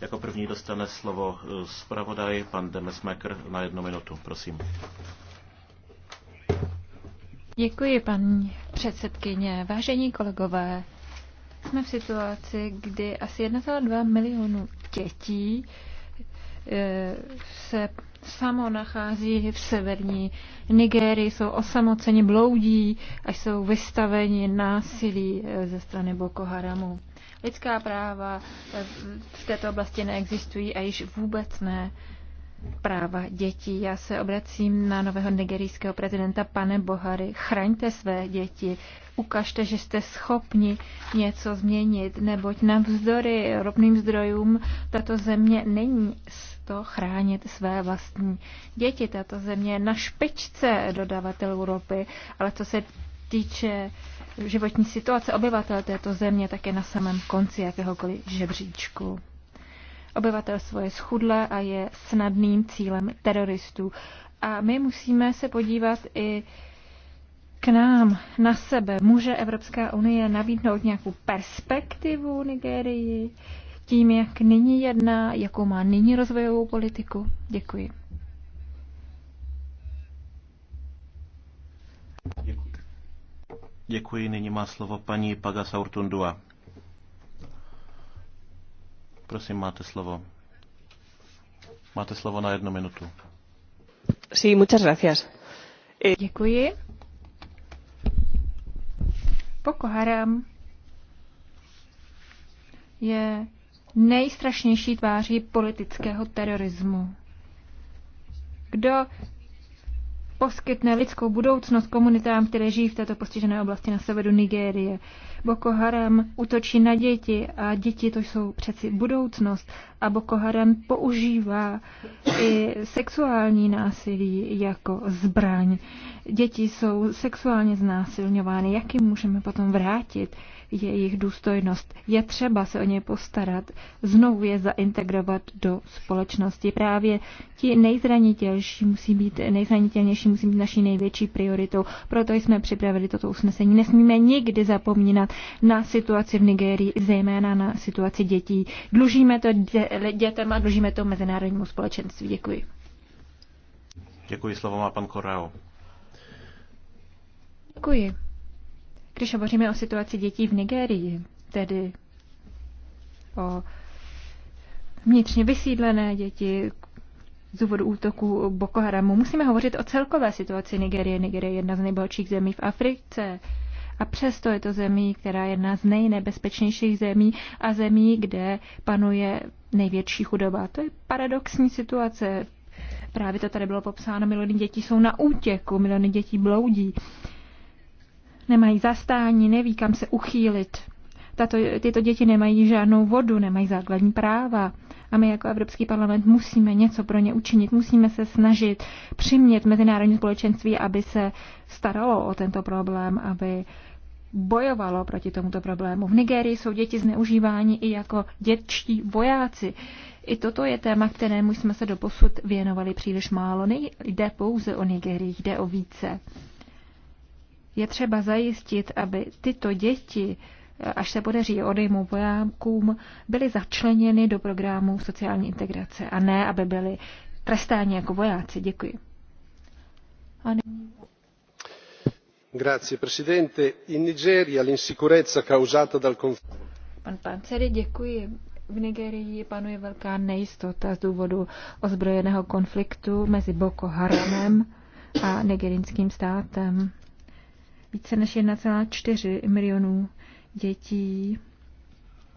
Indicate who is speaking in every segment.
Speaker 1: Jako první dostane slovo eh, zpravodaj pan Demesmaker na jednu minutu. Prosím.
Speaker 2: Děkuji, paní předsedkyně. Vážení kolegové, jsme v situaci, kdy asi 1,2 milionu dětí eh, se samo nachází v severní Nigérii, jsou osamoceni, bloudí a jsou vystaveni násilí eh, ze strany Boko Haramu. Lidská práva eh, v této oblasti neexistují a již vůbec ne práva dětí. Já se obracím na nového nigerijského prezidenta, pane Bohary. Chraňte své děti, ukažte, že jste schopni něco změnit, neboť navzdory ropným zdrojům tato země není to chránit své vlastní děti. Tato země je na špičce dodavatelů ropy, ale co se týče životní situace obyvatel této země tak je na samém konci jakéhokoliv žebříčku. Obyvatelstvo je schudlé a je snadným cílem teroristů. A my musíme se podívat i k nám, na sebe. Může Evropská unie nabídnout nějakou perspektivu Nigerii, tím, jak nyní jedná, jakou má nyní rozvojovou politiku? Děkuji.
Speaker 1: Děkuji. Děkuji, nyní má slovo paní Paga Urtundua. Prosím, máte slovo. Máte slovo na jednu minutu.
Speaker 2: Sí, muchas gracias. Eh, Děkuji. Boko Haram je nejstrašnější tváří politického terorismu. Kdo poskytne lidskou budoucnost komunitám, které žijí v této postižené oblasti na severu Nigérie. Boko Haram útočí na děti a děti to jsou přeci budoucnost a Boko Haram používá i sexuální násilí jako zbraň. Děti jsou sexuálně znásilňovány. Jak jim můžeme potom vrátit jejich důstojnost. Je třeba se o ně postarat, znovu je zaintegrovat do společnosti. Právě ti nejzranitelnější musí být, nejzranitelnější musí být naší největší prioritou. Proto jsme připravili toto usnesení. Nesmíme nikdy zapomínat na situaci v Nigérii, zejména na situaci dětí. Dlužíme to dě- dětem a dlužíme to mezinárodnímu společenství. Děkuji.
Speaker 1: Děkuji, slovo má pan Korao.
Speaker 2: Děkuji. Když hovoříme o situaci dětí v Nigérii, tedy o vnitřně vysídlené děti z důvodu útoku Boko Haramu, musíme hovořit o celkové situaci Nigérie. Nigérie je jedna z nejbohatších zemí v Africe. A přesto je to zemí, která je jedna z nejnebezpečnějších zemí a zemí, kde panuje největší chudoba. To je paradoxní situace. Právě to tady bylo popsáno, miliony dětí jsou na útěku, miliony dětí bloudí nemají zastání, neví kam se uchýlit. Tato, tyto děti nemají žádnou vodu, nemají základní práva. A my jako Evropský parlament musíme něco pro ně učinit, musíme se snažit přimět mezinárodní společenství, aby se staralo o tento problém, aby bojovalo proti tomuto problému. V Nigérii jsou děti zneužívání i jako dětští vojáci. I toto je téma, kterému jsme se doposud věnovali příliš málo. Nejde pouze o Nigerii, jde o více. Je třeba zajistit, aby tyto děti, až se podaří odejmout vojákům, byly začleněny do programu sociální integrace a ne, aby byly trestáni jako vojáci. Děkuji. Ani...
Speaker 3: Grazie, Presidente. In Nigeria l'insicurezza causata dal
Speaker 2: Pan Panceri, děkuji. V Nigerii panuje velká nejistota z důvodu ozbrojeného konfliktu mezi Boko Haramem a nigerinským státem. Více než 1,4 milionů dětí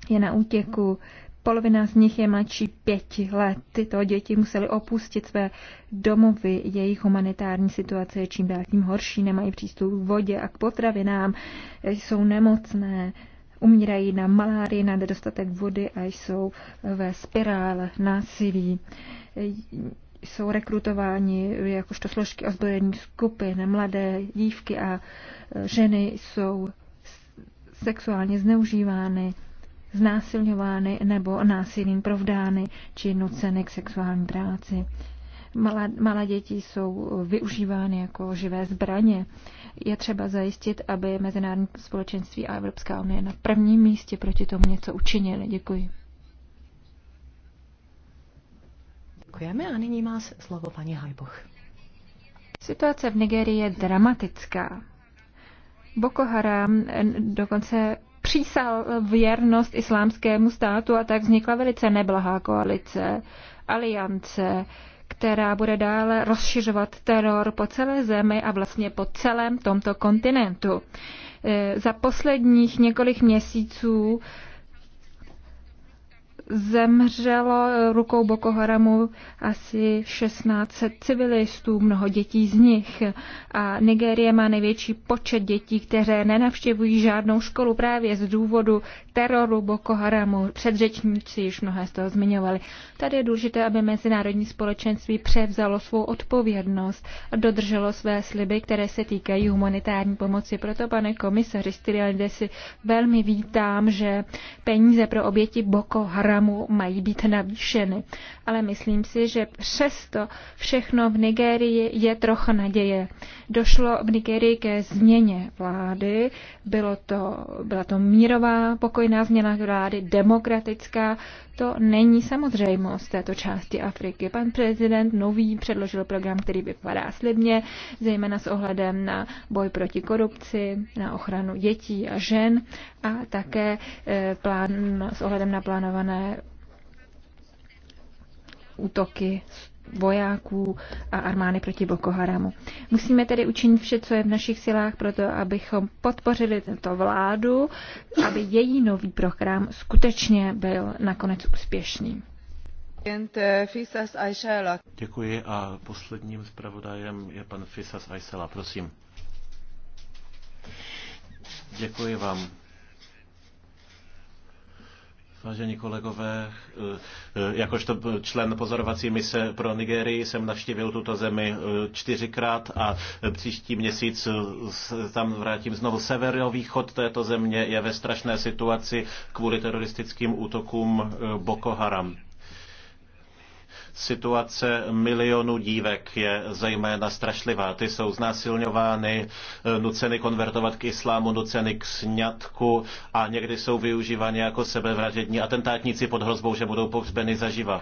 Speaker 2: je na útěku. Polovina z nich je mladší pěti let. Tyto děti museli opustit své domovy. Jejich humanitární situace je čím dál tím horší. Nemají přístup k vodě a k potravinám. Jsou nemocné, umírají na malárii, na nedostatek vody a jsou ve spirále násilí jsou rekrutováni jakožto složky ozbrojených skupin, mladé dívky a e, ženy jsou sexuálně zneužívány, znásilňovány nebo násilím provdány či nuceny k sexuální práci. Malá, malá děti jsou využívány jako živé zbraně. Je třeba zajistit, aby mezinárodní společenství a Evropská unie na prvním místě proti tomu něco učinili. Děkuji.
Speaker 4: Děkujeme a nyní má slovo paní Hajboch.
Speaker 2: Situace v Nigerii je dramatická. Boko Haram eh, dokonce přísal věrnost islámskému státu a tak vznikla velice neblahá koalice, aliance, která bude dále rozšiřovat teror po celé zemi a vlastně po celém tomto kontinentu. Eh, za posledních několik měsíců zemřelo rukou Boko Haramu asi 1600 civilistů, mnoho dětí z nich. A Nigérie má největší počet dětí, které nenavštěvují žádnou školu právě z důvodu teroru Boko Haramu. Předřečníci již mnohé z toho zmiňovali. Tady je důležité, aby mezinárodní společenství převzalo svou odpovědnost a dodrželo své sliby, které se týkají humanitární pomoci. Proto, pane komisaři Stylianidesi, velmi vítám, že peníze pro oběti Boko Haramu programů mají být navýšeny. Ale myslím si, že přesto všechno v Nigérii je trocha naděje. Došlo v Nigérii ke změně vlády, bylo to, byla to mírová pokojná změna vlády, demokratická, to není samozřejmost této části Afriky. Pan prezident nový předložil program, který vypadá slibně, zejména s ohledem na boj proti korupci, na ochranu dětí a žen a také eh, plán, s ohledem na plánované útoky vojáků a armády proti Boko Haramu. Musíme tedy učinit vše, co je v našich silách, proto abychom podpořili tento vládu, aby její nový program skutečně byl nakonec úspěšný.
Speaker 1: Děkuji a posledním zpravodajem je pan Fisas Aysela, prosím. Děkuji vám. Vážení kolegové, eh, jakožto člen pozorovací mise pro Nigerii jsem navštívil tuto zemi eh, čtyřikrát a eh, příští měsíc tam vrátím znovu. Severovýchod této země je ve strašné situaci kvůli teroristickým útokům Boko Haram Situace milionů dívek je zejména strašlivá. Ty jsou znásilňovány, eh, nuceny konvertovat k islámu, nuceny k sňatku a někdy jsou využívány jako sebevražední atentátníci pod hrozbou, že budou pohřbeny zaživa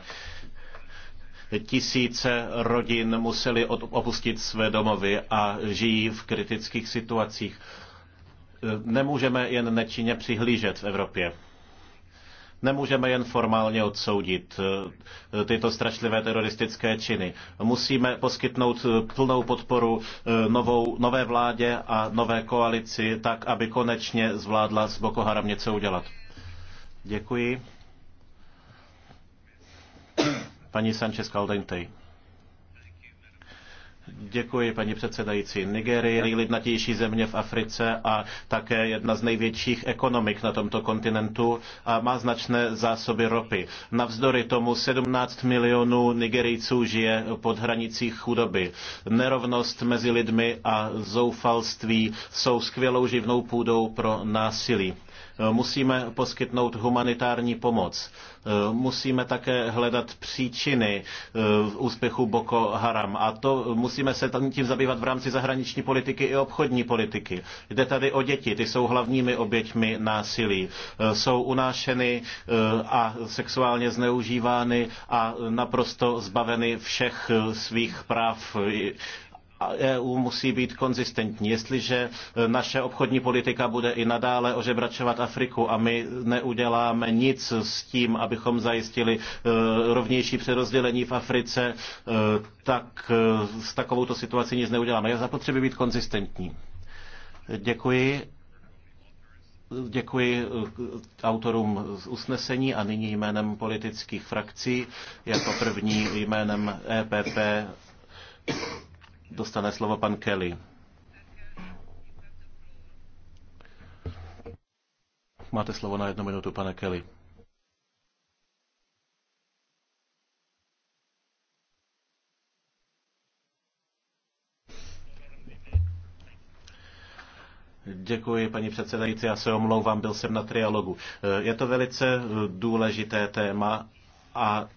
Speaker 1: tisíce rodin museli opustit své domovy a žijí v kritických situacích. Eh, nemůžeme jen nečinně přihlížet v Evropě. Nemůžeme jen formálně odsoudit eh, tyto strašlivé teroristické činy. Musíme poskytnout eh, plnou podporu eh, novou, nové vládě a nové koalici, tak aby konečně zvládla s Boko Haram něco udělat. Děkuji. Paní Sanchez Caldentej. Děkuji, paní předsedající. Nigerie je nejlidnatější země v Africe a také jedna z největších ekonomik na tomto kontinentu a má značné zásoby ropy. Navzdory tomu 17 milionů Nigerijců žije pod hranicí chudoby. Nerovnost mezi lidmi a zoufalství jsou skvělou živnou půdou pro násilí. Eh, musíme poskytnout humanitární pomoc. Eh, musíme také hledat příčiny eh, úspěchu Boko Haram. A to musíme se tím zabývat v rámci zahraniční politiky i obchodní politiky. Jde tady o děti, ty jsou hlavními oběťmi násilí. Jsou unášeny a sexuálně zneužívány a naprosto zbaveny všech svých práv EU musí být konzistentní. Jestliže e, naše obchodní politika bude i nadále ožebračovat Afriku a my neuděláme nic s tím, abychom zajistili e, rovnější přerozdělení v Africe, e, tak s takovouto situací nic neuděláme. Je zapotřebí být konzistentní. Děkuji. Děkuji autorům z usnesení a nyní jménem politických frakcí, jako první jménem EPP dostane slovo pan Kelly. Máte slovo na jednu minutu, pane Kelly. Děkuji, paní předsedající, já se omlouvám, byl jsem na trialogu. Je to velice důležité téma a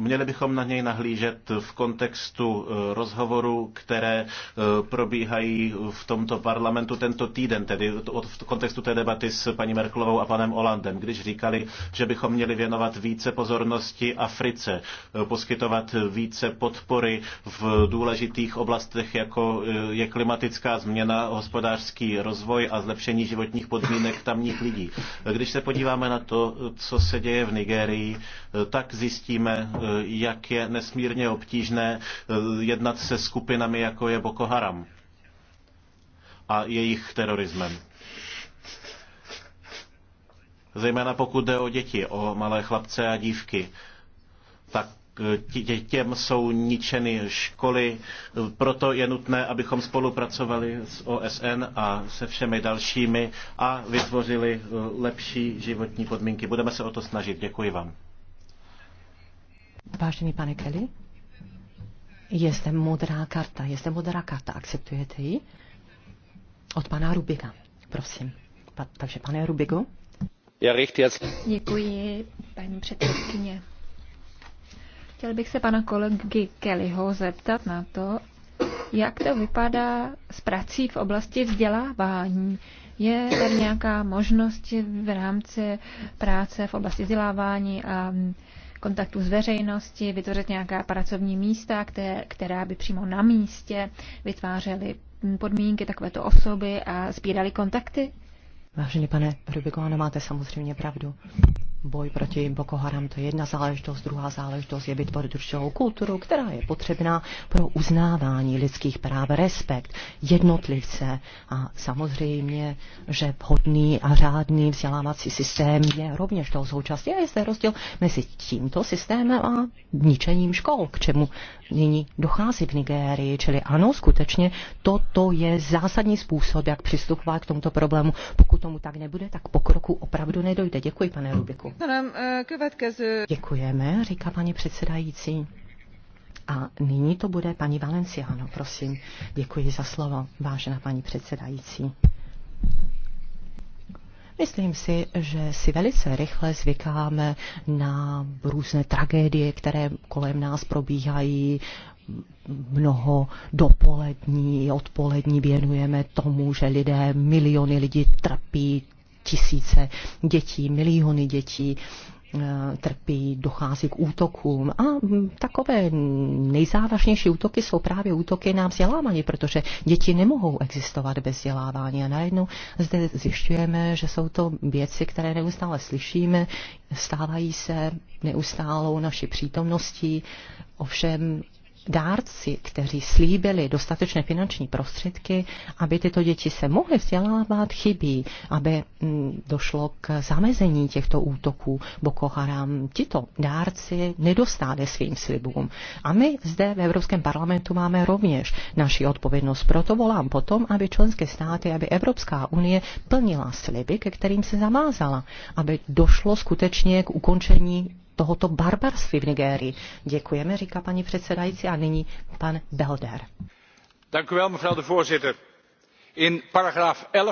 Speaker 1: Měli bychom na něj nahlížet v kontextu eh, rozhovorů, které eh, probíhají v tomto parlamentu tento týden, tedy v kontextu té debaty s paní Merklovou a panem Olandem, když říkali, že bychom měli věnovat více pozornosti Africe, eh, poskytovat více podpory v důležitých oblastech, jako je klimatická změna, hospodářský rozvoj a zlepšení životních podmínek tamních lidí. Když se podíváme na to, co se děje v Nigérii, tak zjistíme, jak je nesmírně obtížné eh, jednat se skupinami, jako je Boko Haram a jejich terorismem. Zejména pokud jde o děti, o malé chlapce a dívky, tak dětem eh, jsou ničeny školy, eh, proto je nutné, abychom spolupracovali s OSN a se všemi dalšími a vytvořili lepší životní podmínky. Budeme se o to snažit. Děkuji vám.
Speaker 4: Vážený pane Kelly, je modrá karta, je modrá karta, akceptujete ji? Od pana Rubiga, prosím. Pa, takže pane Rubigo. Já
Speaker 2: Děkuji, paní předsedkyně. Chtěl bych se pana kolegy Kellyho zeptat na to, jak to vypadá s prací v oblasti vzdělávání. Je tam nějaká možnost v rámci práce v oblasti vzdělávání a kontaktu s veřejností, vytvořit nějaká pracovní místa, které, která by přímo na místě vytvářely podmínky takovéto osoby a sbírali kontakty?
Speaker 4: Vážený pane Rubikováno, máte samozřejmě pravdu boj proti Boko Haram, to je jedna záležitost, druhá záležitost je vytvořit určitou kulturu, která je potřebná pro uznávání lidských práv, respekt jednotlivce a samozřejmě, že vhodný a řádný vzdělávací systém je rovněž toho součástí a je zde rozdíl mezi tímto systémem a ničením škol, k čemu nyní dochází v Nigérii. Čili ano, skutečně toto je zásadní způsob, jak přistupovat k tomuto problému. Pokud tomu tak nebude, tak pokroku opravdu nedojde. Děkuji, pane Rubiku. Eh, Děkujeme, říká paní předsedající. A nyní to bude paní Valenciano, prosím. Děkuji za slovo, vážená paní předsedající. Myslím si, že si velice rychle zvykáme na různé tragédie, které kolem nás probíhají. Mnoho dopolední, odpolední věnujeme tomu, že lidé, miliony lidí trpí tisíce dětí, miliony dětí eh, trpí, dochází k útokům. A hm, takové nejzávažnější útoky jsou právě útoky na vzdělávání, protože děti nemohou existovat bez vzdělávání. A najednou zde zjišťujeme, že jsou to věci, které neustále slyšíme, stávají se neustálou naší přítomností, ovšem dárci, kteří slíbili dostatečné finanční prostředky, aby tyto děti se mohly vzdělávat, chybí, aby mm, došlo k zamezení těchto útoků. Boko Haram tito dárci nedostáli svým slibům. A my zde v Evropském parlamentu máme rovněž naši odpovědnost. Proto volám potom, aby členské státy, aby Evropská unie plnila sliby, ke kterým se zamázala, aby došlo skutečně k ukončení tohoto barbarství v Nigérii. Děkujeme, říká paní předsedající, a nyní pan Belder.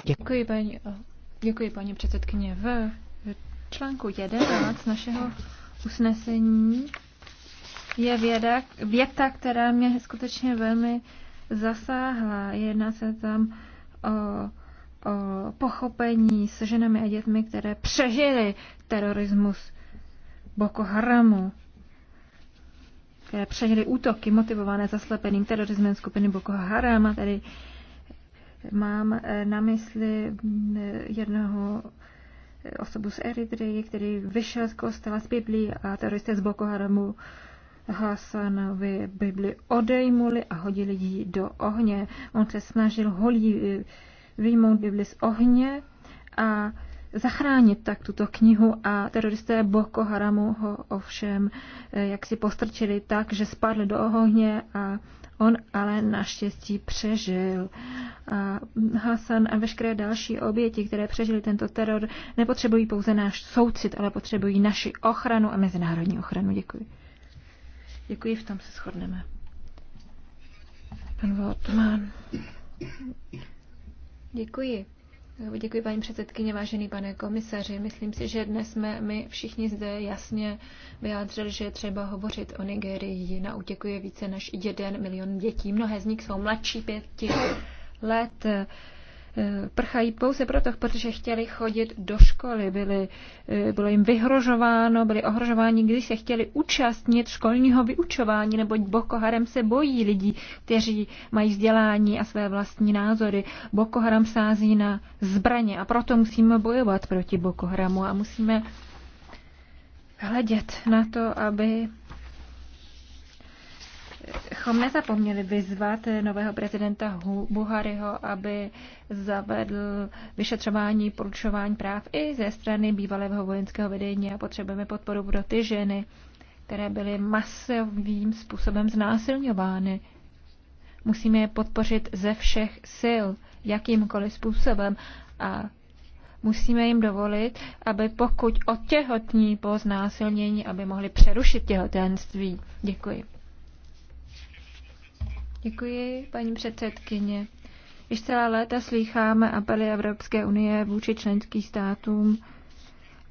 Speaker 4: Děkuji, paní, děkuji, paní předsedkyně. V článku
Speaker 2: 11 našeho usnesení je věda, věta, která mě skutečně velmi zasáhla. Jedná se tam o o pochopení s ženami a dětmi, které přežily terorismus. Boko Haramu, které přejeli útoky motivované zaslepeným terorismem skupiny Boko Haram. A tady mám eh, na mysli mm, eh, jednoho eh, osobu z Eritreji, který vyšel z kostela z Biblí a teroristé z Boko Haramu Hasanovi Bibli odejmuli a hodili ji do ohně. On se snažil holí vyjmout Bibli z ohně a zachránit tak tuto knihu a teroristé Boko Haramu ho ovšem eh, jak si postrčili tak, že spadl do ohně a on ale naštěstí přežil. A Hasan a veškeré další oběti, které přežili tento teror, nepotřebují pouze náš soucit, ale potřebují naši ochranu a mezinárodní ochranu. Děkuji. Děkuji, v tom se shodneme. Pan Votman. Děkuji. Děkuji, paní předsedkyně, vážený pane komisaři. Myslím si, že dnes jsme my všichni zde jasně vyjádřili, že je třeba hovořit o Nigerii. Na utěku je více než jeden milion dětí. Mnohé z nich jsou mladší pěti let prchají pouze proto, protože chtěli chodit do školy, byli, eh, bylo jim vyhrožováno, byli ohrožováni, když se chtěli účastnit školního vyučování, neboť Boko Haram se bojí lidí, kteří mají vzdělání a své vlastní názory. Boko Haram sází na zbraně a proto musíme bojovat proti Boko Haramu a musíme hledět na to, aby chom nezapomněli vyzvat nového prezidenta Buhariho, aby zavedl vyšetřování poručování práv i ze strany bývalého vojenského vedení a potřebujeme podporu pro ty ženy, které byly masovým způsobem znásilňovány. Musíme je podpořit ze všech sil, jakýmkoliv způsobem a musíme jim dovolit, aby pokud otěhotní po znásilnění, aby mohli přerušit těhotenství. Děkuji. Děkuji, paní předsedkyně. Již celá léta slýcháme apely Evropské unie vůči členským státům,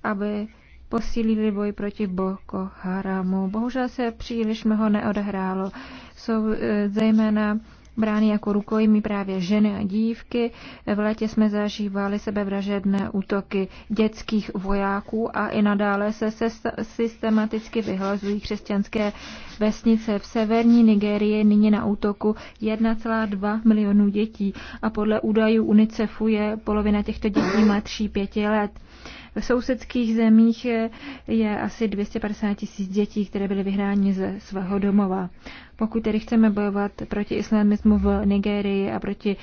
Speaker 2: aby posílili boj proti Boko Haramu. Bohužel se příliš mnoho neodehrálo. Jsou e, zejména brány jako rukojmí právě ženy a dívky. V létě jsme zažívali sebevražedné útoky dětských vojáků a i nadále se, se systematicky vyhlazují křesťanské vesnice. V severní Nigerii nyní na útoku 1,2 milionů dětí a podle údajů UNICEFu je polovina těchto dětí mladší pěti let. V sousedských zemích je asi 250 tisíc dětí, které byly vyhráni ze svého domova. Pokud tedy chceme bojovat proti islamismu v Nigérii a proti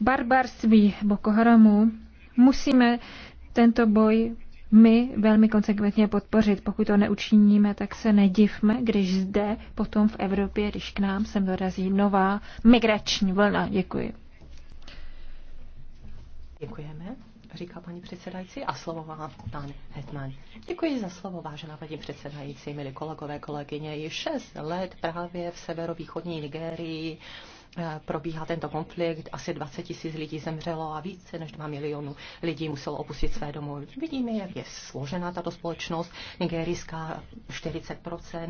Speaker 2: barbarství Boko Haramu, musíme tento boj my velmi konsekventně podpořit. Pokud to neučiníme, tak se nedivme, když zde, potom v Evropě, když k nám sem dorazí nová migrační vlna. Děkuji.
Speaker 4: Děkujeme říká paní předsedající, a slovo má pan Hetman. Děkuji za slovo, vážená paní předsedající, milí kolegové, kolegyně. Již šest let právě v severovýchodní Nigérii Eh, probíhá tento konflikt. Asi 20 tisíc lidí zemřelo a více než 2 milionů lidí muselo opustit své domovy. Vidíme, jak je složená tato společnost. Nigerijská 40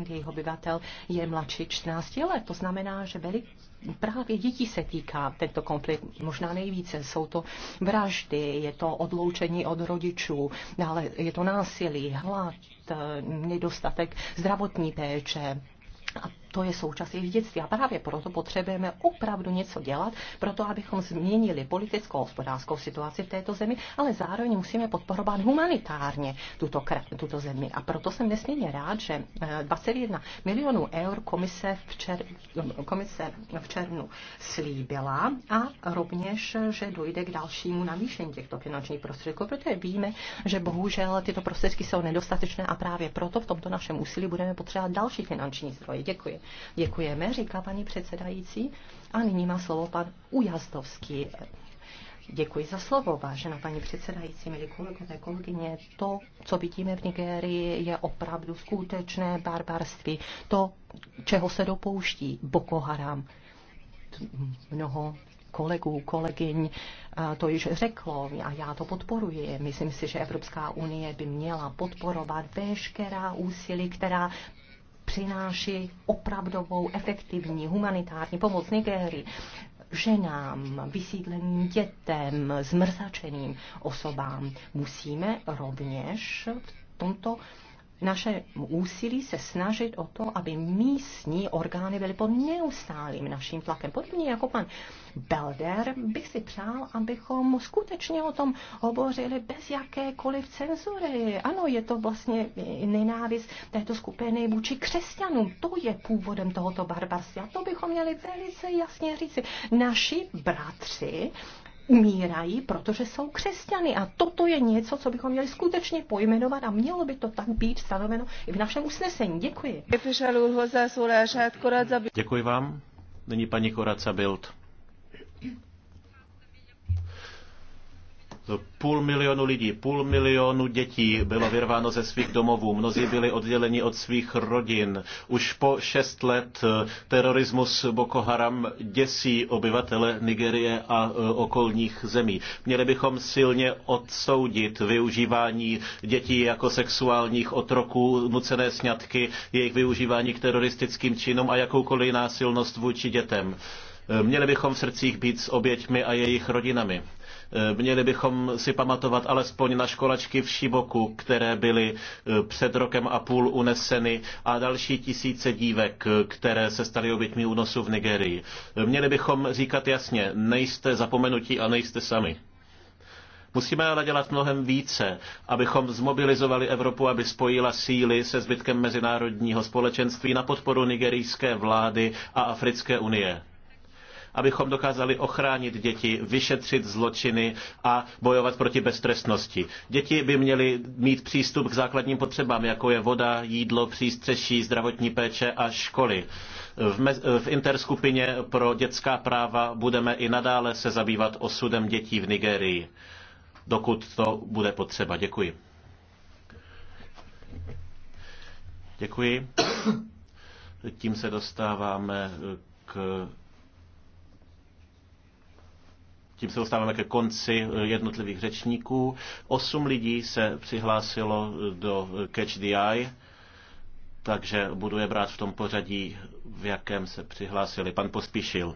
Speaker 4: jejich obyvatel je mladší 14 let. To znamená, že velik, právě dětí se týká tento konflikt možná nejvíce. Jsou to vraždy, je to odloučení od rodičů, ale je to násilí, hlad, eh, nedostatek zdravotní péče, a to je součást jejich dětství. A právě proto potřebujeme opravdu něco dělat, proto abychom změnili politickou a hospodářskou situaci v této zemi, ale zároveň musíme podporovat humanitárně tuto, tuto zemi. A proto jsem nesmírně rád, že 21 eh, milionů eur komise v, čer, komise v červnu slíbila a rovněž, že dojde k dalšímu navýšení těchto finančních prostředků, protože víme, že bohužel tyto prostředky jsou nedostatečné a právě proto v tomto našem úsilí budeme potřebovat další finanční zdroje. Děkuji. Děkujeme, říká paní předsedající. A nyní má slovo pan Ujazdovský. Děkuji za slovo, vážená paní předsedající, milí kolegové, kolegyně. To, co vidíme v Nigérii, je opravdu skutečné barbarství. To, čeho se dopouští Boko Haram. Mnoho kolegů, kolegyň to již řeklo a já to podporuji. Myslím si, že Evropská unie by měla podporovat veškerá úsilí, která přináší opravdovou, efektivní humanitární pomoc Nigérii ženám, vysídleným dětem, zmrzačeným osobám. Musíme rovněž v tomto naše úsilí se snažit o to, aby místní orgány byly pod neustálým naším tlakem. Podobně jako pan Belder bych si přál, abychom skutečně o tom hovořili bez jakékoliv cenzury. Ano, je to vlastně nenávist této skupiny vůči křesťanům. To je původem tohoto barbarství. A to bychom měli velice jasně říci. Naši bratři umírají, protože jsou křesťany. A toto je něco, co bychom měli skutečně pojmenovat a mělo by to tak být stanoveno i v našem usnesení. Děkuji.
Speaker 1: Děkuji vám. Nyní paní Koraca Bild. Půl milionu lidí, půl milionu dětí bylo vyrváno ze svých domovů, mnozí byli odděleni od svých rodin. Už po šest let eh, terorismus Boko Haram děsí obyvatele Nigerie a eh, okolních zemí. Měli bychom silně odsoudit využívání dětí jako sexuálních otroků, nucené sňatky, jejich využívání k teroristickým činům a jakoukoliv násilnost vůči dětem. Eh, měli bychom v srdcích být s oběťmi a jejich rodinami. Eh, měli bychom si pamatovat alespoň na školačky v Šiboku, které byly eh, před rokem a půl uneseny a další tisíce dívek, eh, které se staly oběťmi únosu v Nigerii. Měli bychom říkat jasně, nejste zapomenutí a nejste sami. Musíme ale dělat mnohem více, abychom zmobilizovali Evropu, aby spojila síly se zbytkem mezinárodního společenství na podporu nigerijské vlády a Africké unie abychom dokázali ochránit děti, vyšetřit zločiny a bojovat proti beztrestnosti. Děti by měly mít přístup k základním potřebám, jako je voda, jídlo, přístřeší, zdravotní péče a školy. V, interskupině pro dětská práva budeme i nadále se zabývat osudem dětí v Nigerii, dokud to bude potřeba. Děkuji. Děkuji. Tím se dostáváme k tím se dostáváme ke konci eh, jednotlivých řečníků. Osm lidí se přihlásilo eh, do eh, Catch the Eye, takže budu je brát v tom pořadí, v jakém se přihlásili. Pan Pospíšil.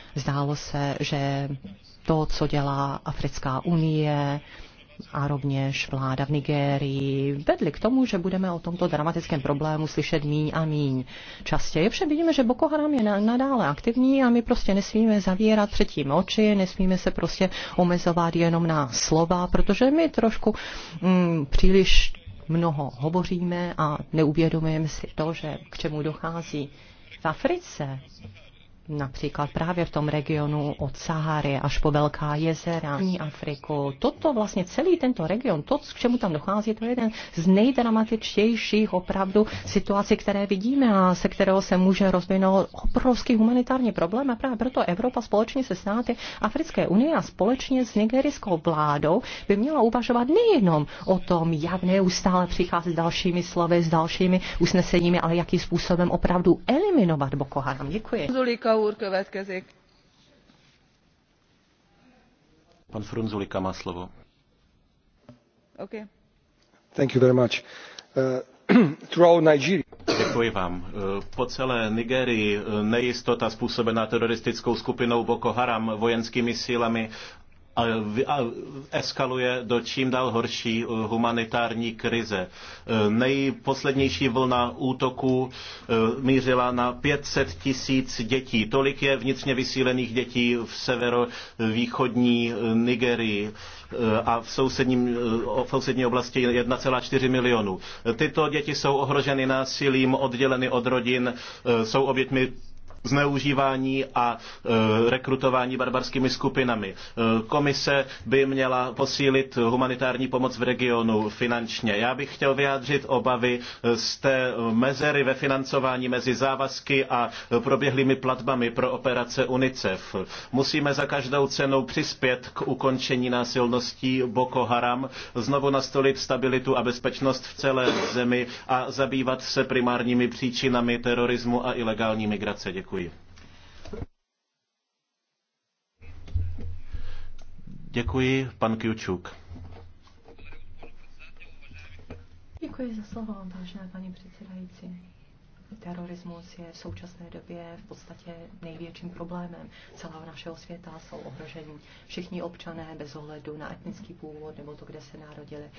Speaker 4: Zdálo se, že to, co dělá Africká unie, a rovněž vláda v Nigérii vedli k tomu, že budeme o tomto dramatickém problému slyšet míň a míň. Častěji však vidíme, že Boko Haram je nadále aktivní a my prostě nesmíme zavírat před oči, nesmíme se prostě omezovat jenom na slova, protože my trošku mm, příliš mnoho hovoříme a neuvědomujeme si to, že k čemu dochází. V Africe například právě v tom regionu od Sahary až po Velká jezera, Afriku. Toto vlastně celý tento region, to, k čemu tam dochází, to je jeden z nejdramatičtějších opravdu situací, které vidíme a se kterého se může rozvinout obrovský humanitární problém a právě proto Evropa společně se státy Africké unie a společně s nigerijskou vládou by měla uvažovat nejenom o tom, jak neustále přicházet s dalšími slovy, s dalšími usneseními, ale jakým způsobem opravdu eliminovat Boko Haram. Děkuji.
Speaker 1: Zulikou Pan Frunzulika
Speaker 3: Thank you very much. Uh, Nigeria.
Speaker 1: Děkuji vám. Uh, po celé Nigerii uh, nejistota způsobená teroristickou skupinou Boko Haram vojenskými sílami a eskaluje do čím dál horší eh, humanitární krize. Eh, nejposlednější vlna útoků eh, mířila na 500 tisíc dětí. Tolik je vnitřně vysílených dětí v severovýchodní Nigerii a v, sousedním, v sousední oblasti 1,4 milionu. Tyto děti jsou ohroženy násilím, odděleny od rodin, jsou obětmi zneužívání a e, rekrutování barbarskými skupinami. E, komise by měla posílit humanitární pomoc v regionu finančně. Já bych chtěl vyjádřit obavy z té mezery ve financování mezi závazky a proběhlými platbami pro operace UNICEF. Musíme za každou cenu přispět k ukončení násilností Boko Haram, znovu nastolit stabilitu a bezpečnost v celé zemi a zabývat se primárními příčinami terorismu a ilegální migrace. Děkuji. Děkuji. Děkuji, pan Kjučuk.
Speaker 4: Děkuji za slovo, vážená paní předsedající. Terorismus je v současné době v podstatě největším problémem celého našeho světa. Jsou ohroženi všichni občané bez ohledu na etnický původ nebo to, kde se narodili.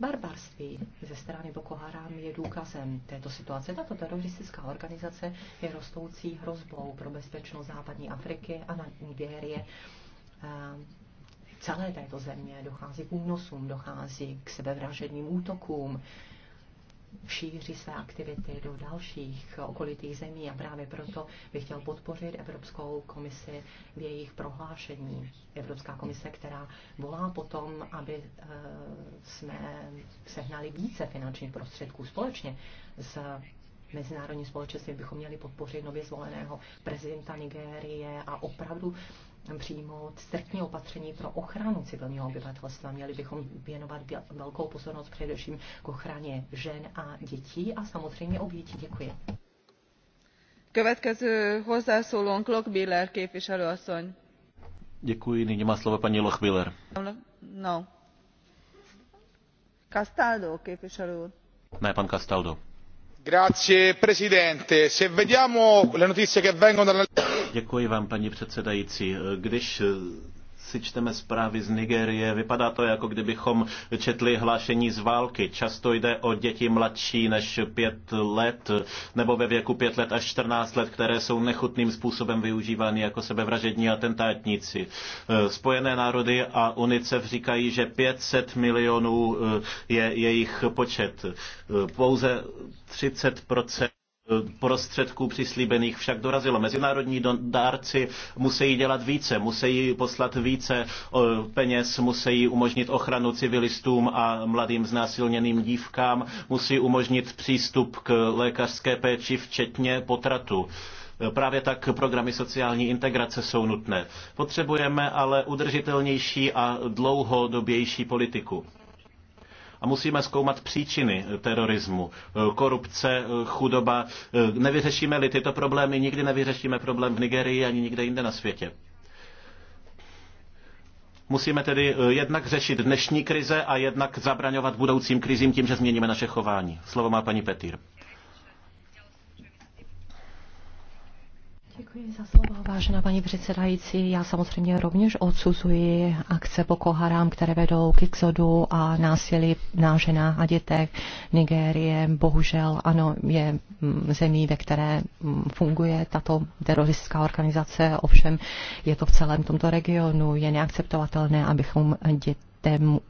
Speaker 4: Barbarství ze strany Boko Haram je důkazem této situace. Tato teroristická organizace je rostoucí hrozbou pro bezpečnost západní Afriky a na Nigérie celé této země dochází k únosům, dochází k sebevražedným útokům, šíří své aktivity do dalších okolitých zemí a právě proto bych chtěl podpořit Evropskou komisi v jejich prohlášení. Evropská komise, která volá potom, aby eh, jsme sehnali více finančních prostředků společně s mezinárodní společenství bychom měli podpořit nově zvoleného prezidenta Nigérie a opravdu přijmout striktní opatření pro ochranu civilního obyvatelstva. Měli bychom věnovat velkou pozornost především k ochraně žen a dětí a samozřejmě obětí. Děkuji.
Speaker 2: Következő hozzászólónk Lockbiller képviselő
Speaker 1: Děkuji, nyní má slovo paní Lochbiller.
Speaker 2: No. Castaldo képviselő.
Speaker 1: Ne, pan Castaldo
Speaker 3: Grazie, presidente. Se vediamo le notizie che vengono dalla...
Speaker 1: Děkuji vám, paní předsedající si čteme zprávy z Nigérie, vypadá to, jako kdybychom četli hlášení z války. Často jde o děti mladší než pět let, nebo ve věku pět let až 14 let, které jsou nechutným způsobem využívány jako sebevražední atentátníci. Eh, Spojené národy a UNICEF říkají, že 500 milionů eh, je jejich počet. Eh, Pouze 30 procent prostředků přislíbených však dorazilo. Mezinárodní dárci musí dělat více, musí poslat více e, peněz, musí umožnit ochranu civilistům a mladým znásilněným dívkám, musí umožnit přístup k lékařské péči, včetně potratu. E, právě tak programy sociální integrace jsou nutné. Potřebujeme ale udržitelnější a dlouhodobější politiku. A musíme zkoumat příčiny eh, terorismu, eh, korupce, eh, chudoba. Nevyřešíme-li tyto problémy, nikdy nevyřešíme problém v Nigerii ani nikde jinde na světě. Musíme tedy jednak řešit dnešní krize a jednak zabraňovat budoucím krizím tím, že změníme naše chování. Slovo má paní Petýr.
Speaker 4: Děkuji za slovo, vážená paní předsedající. Já samozřejmě rovněž odsuzuji akce Boko Haram, které vedou k exodu a násilí na ženách a dětech. Nigérie bohužel ano, je mm, zemí, ve které mm, funguje tato teroristická organizace, ovšem je to v celém tomto regionu. Je neakceptovatelné, abychom dětem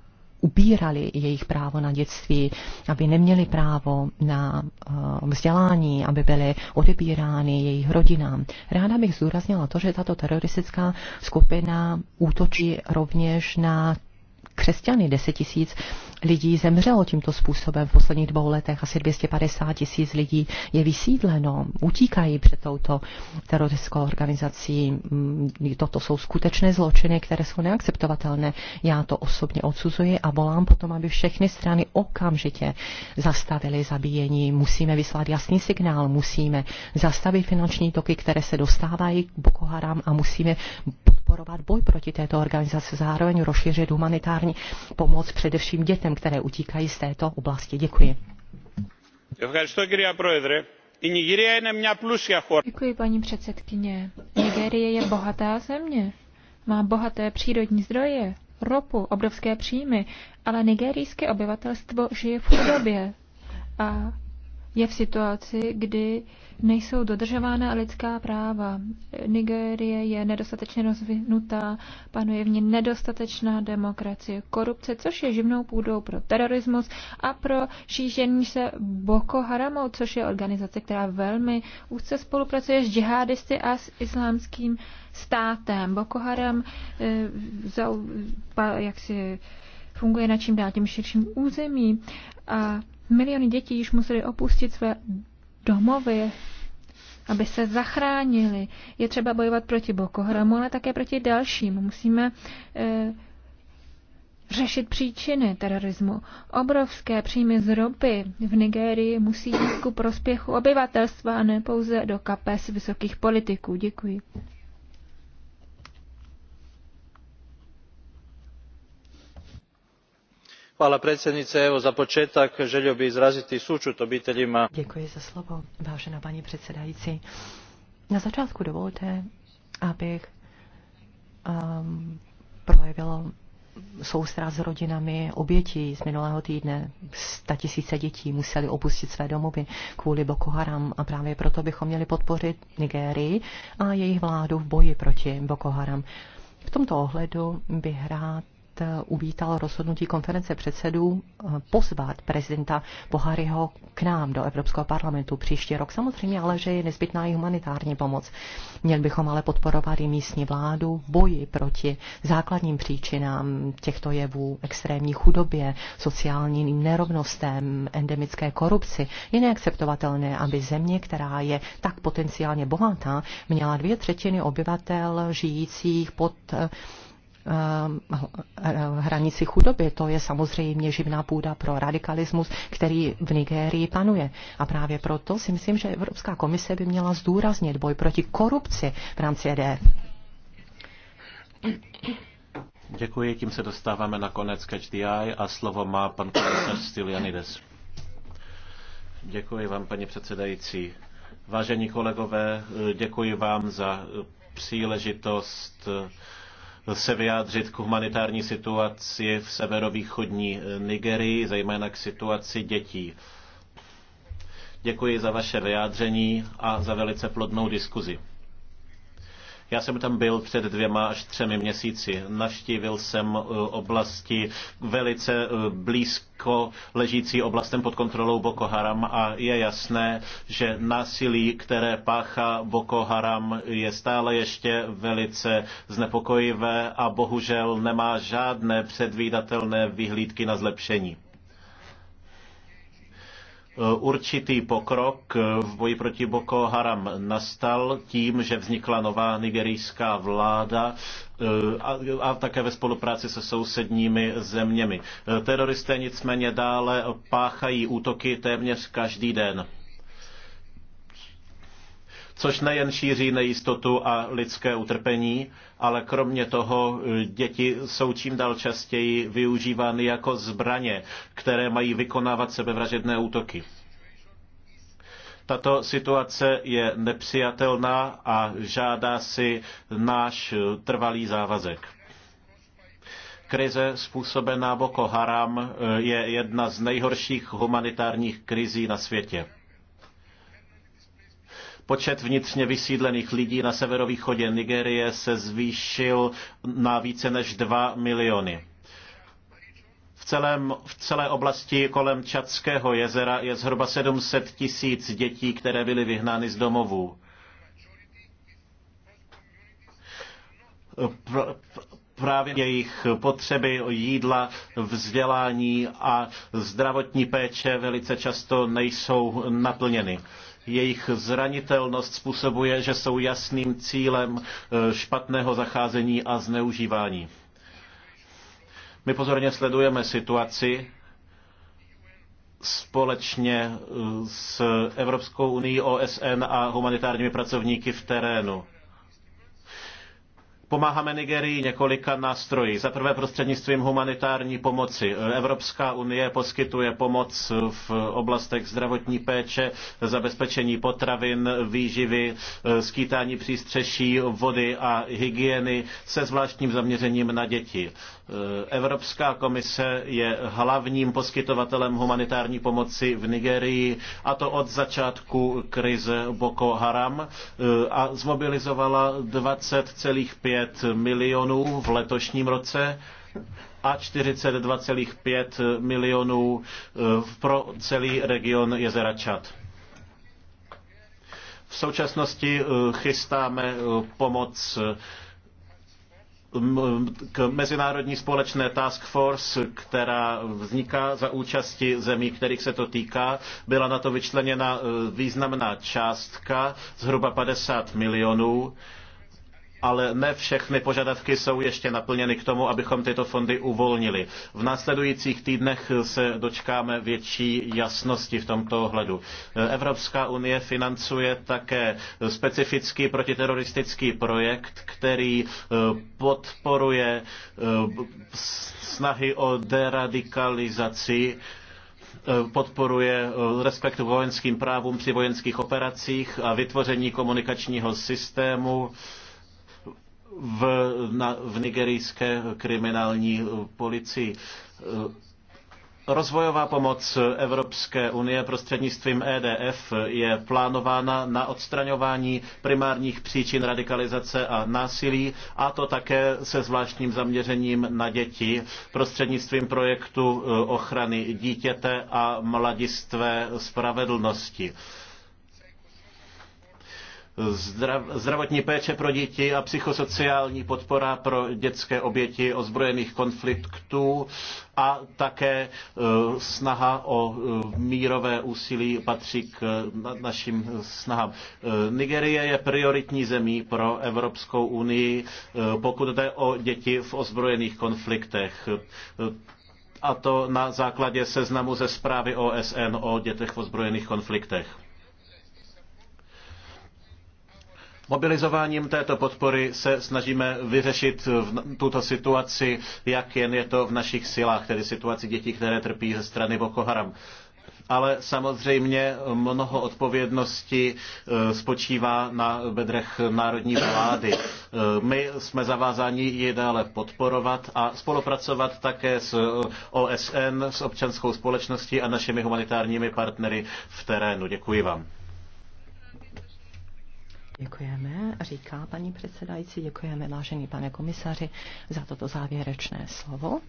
Speaker 4: ubírali jejich právo na dětství, aby neměli právo na eh, vzdělání, aby byly odebírány jejich rodinám. Ráda bych zdůraznila to, že tato teroristická skupina útočí rovněž na křesťany. 10 tisíc lidí zemřelo tímto způsobem v posledních dvou letech. Asi 250 tisíc lidí je vysídleno, utíkají před touto teroristickou organizací. Mm, toto jsou skutečné zločiny, které jsou neakceptovatelné. Já to osobně odsuzuji a volám potom, aby všechny strany okamžitě zastavily zabíjení. Musíme vyslat jasný signál, musíme zastavit finanční toky, které se dostávají k Boko Haram a musíme podporovat boj proti této organizaci, zároveň rozšířit humanitární pomoc především dětem dětem, které utíkají z této oblasti. Děkuji.
Speaker 3: Děkuji, paní předsedkyně.
Speaker 4: Nigérie je bohatá
Speaker 2: země. Má bohaté přírodní zdroje, ropu, obrovské příjmy, ale nigerijské obyvatelstvo žije v chudobě. A je v situaci, kdy nejsou dodržována lidská práva. Nigérie je nedostatečně rozvinutá, panuje v ní nedostatečná demokracie, korupce, což je živnou půdou pro terorismus a pro šíření se Boko Haramu, což je organizace, která velmi úzce spolupracuje s džihadisty a s islámským státem. Boko Haram eh, jak si funguje na čím dál tím širším území a Miliony dětí již museli opustit své domovy, aby se zachránili. Je třeba bojovat proti Boko Haramu, ale také proti dalším. Musíme e, řešit příčiny terorismu. Obrovské příjmy z ropy v Nigérii musí jít ku prospěchu obyvatelstva a ne pouze do kapes vysokých politiků. Děkuji.
Speaker 1: gospođo predsjednice za početak želio bih izraziti sućut obiteljima. děkuji za
Speaker 4: slovo na začátku dovolte abych um, projevil soustrast s rodinami obětí z minulého týdne. Statisíce dětí museli opustit své domovy kvůli Boko Haram a právě proto bychom měli podpořit Nigérii a jejich vládu v boji proti Boko Haram. V tomto ohledu bych rád Eh, uvítal rozhodnutí konference předsedů eh, pozvat prezidenta Bohariho k nám do Evropského parlamentu příští rok. Samozřejmě ale, že je nezbytná i humanitární pomoc. Měli bychom ale podporovat i místní vládu boji proti základním příčinám těchto jevů, extrémní chudobě, sociálním nerovnostem, endemické korupci. Je neakceptovatelné, aby země, která je tak potenciálně bohatá, měla dvě třetiny obyvatel žijících pod eh, Eh, hranici chudoby. To je samozřejmě živná půda pro radikalismus, který v Nigérii panuje. A právě proto si myslím, že Evropská komise by měla zdůraznit boj proti korupci v rámci EDF.
Speaker 1: Děkuji, tím se dostáváme na konec Catch the Eye a slovo má pan komisař Stylianides. Děkuji vám, paní předsedající. Vážení kolegové, děkuji vám za příležitost se vyjádřit k humanitární situaci v severovýchodní eh, Nigerii, zejména k situaci dětí. Děkuji za vaše vyjádření a za velice plodnou diskuzi. Já jsem tam byl před dvěma až třemi měsíci. Navštívil jsem uh, oblasti velice uh, blízko ležící oblastem pod kontrolou Boko Haram a je jasné, že násilí, které páchá Boko Haram, je stále ještě velice znepokojivé a bohužel nemá žádné předvídatelné vyhlídky na zlepšení. Určitý pokrok v boji proti Boko Haram nastal tím, že vznikla nová nigerijská vláda eh, a, a také ve spolupráci se sousedními zeměmi. Eh, teroristé nicméně dále páchají útoky téměř každý den což nejen šíří nejistotu a lidské utrpení, ale kromě toho eh, děti jsou čím dál častěji využívány jako zbraně, které mají vykonávat sebevražedné útoky. Tato situace je nepřijatelná a žádá si náš eh, trvalý závazek. Krize způsobená Boko Haram eh, je jedna z nejhorších humanitárních krizí na světě. Počet vnitřně vysídlených lidí na severovýchodě Nigérie se zvýšil na více než 2 miliony. V, celém, v celé oblasti kolem Čadského jezera je zhruba 700 tisíc dětí, které byly vyhnány z domovů. Pr právě jejich potřeby jídla, vzdělání a zdravotní péče velice často nejsou naplněny. Jejich zranitelnost způsobuje, že jsou jasným cílem eh, špatného zacházení a zneužívání. My pozorně sledujeme situaci společně eh, s Evropskou unii, OSN a humanitárními pracovníky v terénu. Pomáháme Nigerii několika nástroji. Za prvé prostřednictvím humanitární pomoci. Evropská unie poskytuje pomoc v oblastech zdravotní péče, zabezpečení potravin, výživy, skýtání přístřeší, vody a hygieny se zvláštním zaměřením na děti. Evropská komise je hlavním poskytovatelem humanitární pomoci v Nigerii, a to od začátku krize Boko Haram a zmobilizovala 20,5 5 milionů v letošním roce a 42,5 milionů eh, pro celý region jezera Čad. V současnosti eh, chystáme eh, pomoc k mezinárodní společné task force, která vzniká za účasti zemí, kterých se to týká. Byla na to vyčleněna významná částka, zhruba 50 milionů ale ne všechny požadavky jsou ještě naplněny k tomu, abychom tyto fondy uvolnili. V následujících týdnech se dočkáme větší jasnosti v tomto ohledu. Evropská unie financuje také specifický protiteroristický projekt, který eh, podporuje eh, snahy o deradikalizaci eh, podporuje respekt vojenským právům při vojenských operacích a vytvoření komunikačního systému v, na, v nigerijské kriminální eh, policii. Eh, rozvojová pomoc Evropské unie prostřednictvím EDF je plánována na odstraňování primárních příčin radikalizace a násilí, a to také se zvláštním zaměřením na děti prostřednictvím projektu eh, ochrany dítěte a mladistvé spravedlnosti. Zdrav, zdravotní péče pro děti a psychosociální podpora pro dětské oběti ozbrojených konfliktů a také e, snaha o e, mírové úsilí patří k e, našim snahám. Nigérie je prioritní zemí pro Evropskou unii, pokud jde o děti v ozbrojených konfliktech a to na základě seznamu ze zprávy OSN o dětech v ozbrojených konfliktech. Mobilizováním této podpory se snažíme vyřešit tuto situaci, jak jen je to v našich silách, tedy situaci dětí, které trpí ze strany Boko Haram ale samozřejmě mnoho odpovědnosti e, spočívá na bedrech národní vlády. E, my jsme zavázáni je dále podporovat a spolupracovat také s OSN, s občanskou společností a našimi humanitárními partnery v terénu. Děkuji vám.
Speaker 4: Děkujeme, říká paní předsedající, děkujeme vážený pane komisaři za toto závěrečné slovo.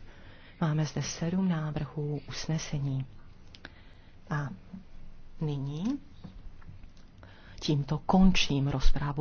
Speaker 4: Máme zde sedm návrhů usnesení. A nyní tímto končím rozpravu.